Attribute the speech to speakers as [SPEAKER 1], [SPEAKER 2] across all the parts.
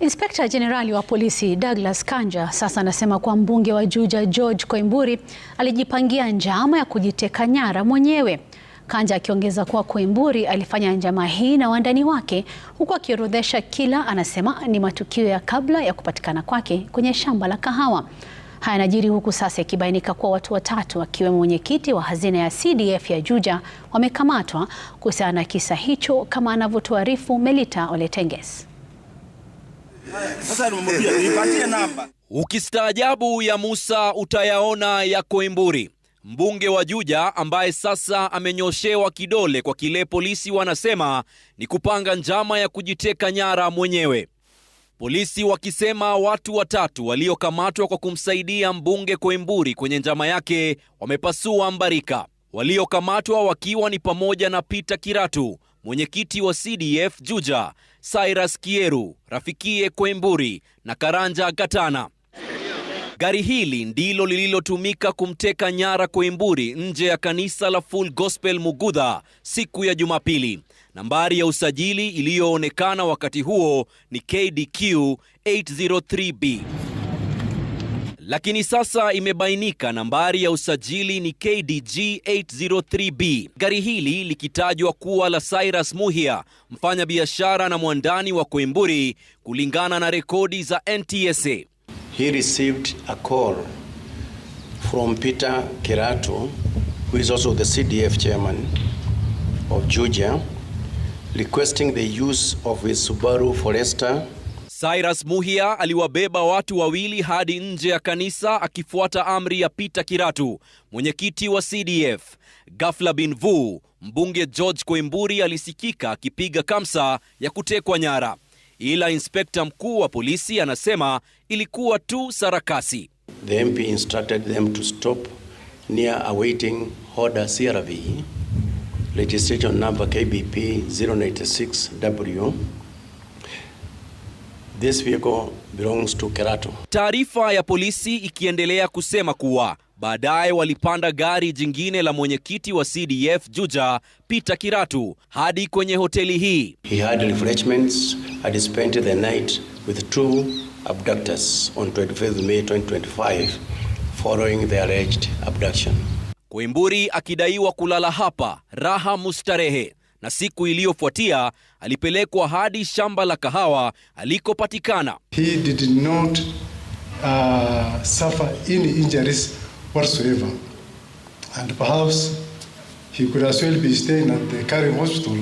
[SPEAKER 1] Inspekta Jenerali wa polisi Douglas Kanja sasa anasema kuwa mbunge wa Juja George Koimburi alijipangia njama ya kujiteka nyara mwenyewe. Kanja akiongeza kuwa Koimburi alifanya njama hii na wandani wake huku akiorodhesha kila anasema ni matukio ya kabla ya kupatikana kwake kwenye shamba la kahawa. Haya yanajiri huku sasa ikibainika kuwa watu watatu akiwemo mwenyekiti wa hazina ya CDF ya Juja wamekamatwa kuhusiana na kisa hicho, kama anavyotuarifu Melita Oletenges.
[SPEAKER 2] Sasa nipatie namba. Ukistaajabu ya Musa utayaona ya koimburi Mbunge wa Juja ambaye sasa amenyoshewa kidole kwa kile polisi wanasema ni kupanga njama ya kujiteka nyara mwenyewe. Polisi wakisema watu watatu waliokamatwa kwa kumsaidia mbunge Koimburi kwenye njama yake wamepasua mbarika. Waliokamatwa wakiwa ni pamoja na Peter Kiratu, mwenyekiti wa CDF Juja Cyrus Kieru, Rafikie Kwemburi na Karanja Gatana. Gari hili ndilo lililotumika kumteka nyara Kwemburi nje ya kanisa la Full Gospel Mugudha siku ya Jumapili. Nambari ya usajili iliyoonekana wakati huo ni KDQ 803B lakini sasa imebainika nambari ya usajili ni KDG 803B. Gari hili likitajwa kuwa la Cyrus Muhia, mfanya biashara na mwandani wa Koimburi, kulingana na rekodi za NTSA.
[SPEAKER 3] He received a call from Peter Kiratu who is also the CDF chairman of Juja, requesting the use of his Subaru Forester
[SPEAKER 2] Cyrus Muhia aliwabeba watu wawili hadi nje ya kanisa akifuata amri ya Peter Kiratu, mwenyekiti wa CDF. Ghafla bin vu mbunge George Koimburi alisikika akipiga kamsa ya kutekwa nyara, ila inspekta mkuu wa polisi anasema ilikuwa tu sarakasi.
[SPEAKER 3] The MP instructed them to stop near awaiting order CRV legislation number KBP 096W This vehicle belongs to Kerato.
[SPEAKER 2] Taarifa ya polisi ikiendelea kusema kuwa baadaye walipanda gari jingine la mwenyekiti wa CDF Juja Peter Kiratu hadi kwenye hoteli hii.
[SPEAKER 3] He had refreshments and spent the night with two abductors on 25 May 2025 following the alleged abduction.
[SPEAKER 2] Koimburi akidaiwa kulala hapa raha mustarehe na siku iliyofuatia alipelekwa hadi shamba la kahawa alikopatikana.
[SPEAKER 4] He did not, uh, suffer any injuries whatsoever. And perhaps he could as well be staying at the Karen Hospital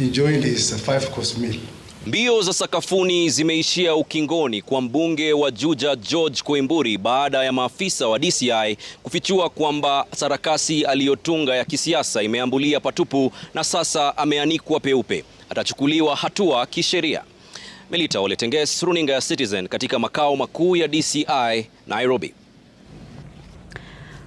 [SPEAKER 4] enjoying his five course meal.
[SPEAKER 2] Mbio za sakafuni zimeishia ukingoni kwa mbunge wa Juja George Koimburi baada ya maafisa wa DCI kufichua kwamba sarakasi aliyotunga ya kisiasa imeambulia patupu na sasa ameanikwa peupe. Atachukuliwa hatua kisheria. Melita Oletenges, runinga ya Citizen katika makao makuu ya DCI Nairobi.